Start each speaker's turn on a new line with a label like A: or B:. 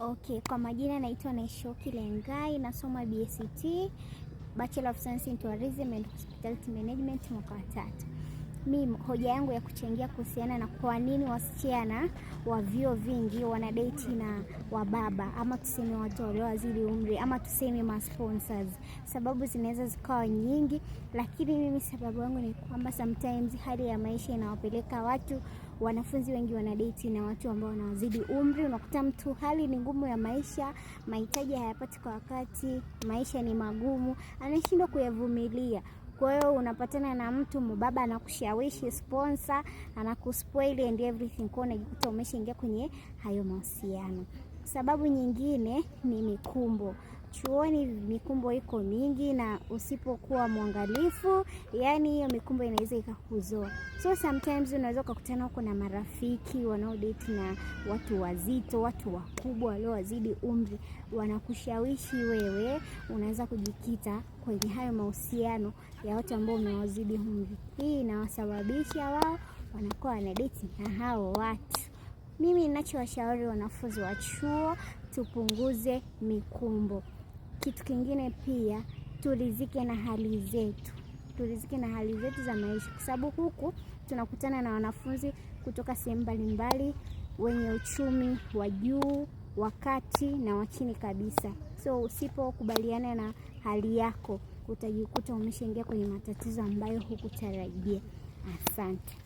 A: Okay, kwa majina naitwa Naishoki Lengai, nasoma BSc Bachelor of Science in Tourism and Hospitality Management mwaka wa tatu mi hoja yangu ya kuchangia kuhusiana na kwa nini wasichana wa vyuo vingi wanadeti na wababa ama tuseme watu waliowazidi umri ama tuseme ma sponsors. Sababu zinaweza zikawa nyingi, lakini mimi sababu yangu ni kwamba sometimes hali ya maisha inawapeleka watu wanafunzi wengi wanadeti na watu ambao wanawazidi umri. Unakuta mtu hali ni ngumu ya maisha, mahitaji hayapati kwa wakati, maisha ni magumu, anashindwa kuyavumilia. Kwa hiyo unapatana na mtu mbaba, anakushawishi sponsor, anakuspoil and everything, kwa unajikuta umeshaingia kwenye hayo mahusiano. Sababu nyingine ni mikumbo chuoni mikumbo iko mingi, na usipokuwa mwangalifu, yani hiyo mikumbo inaweza ikakuzoa. So sometimes unaweza ukakutana huko na marafiki wanaodate na watu wazito, watu wakubwa waliowazidi umri, wanakushawishi wewe, unaweza kujikita kwenye hayo mahusiano ya watu ambao umewazidi umri. Hii inawasababisha wao wanakuwa wanadeti na hao watu. Mimi ninachowashauri wanafunzi wa chuo, tupunguze mikumbo kitu kingine pia turizike na hali zetu, turizike na hali zetu za maisha, kwa sababu huku tunakutana na wanafunzi kutoka sehemu mbalimbali, wenye uchumi wa juu, wa kati na wa chini kabisa. So usipokubaliana na hali yako, utajikuta umeshaingia kwenye matatizo ambayo hukutarajia. Asante.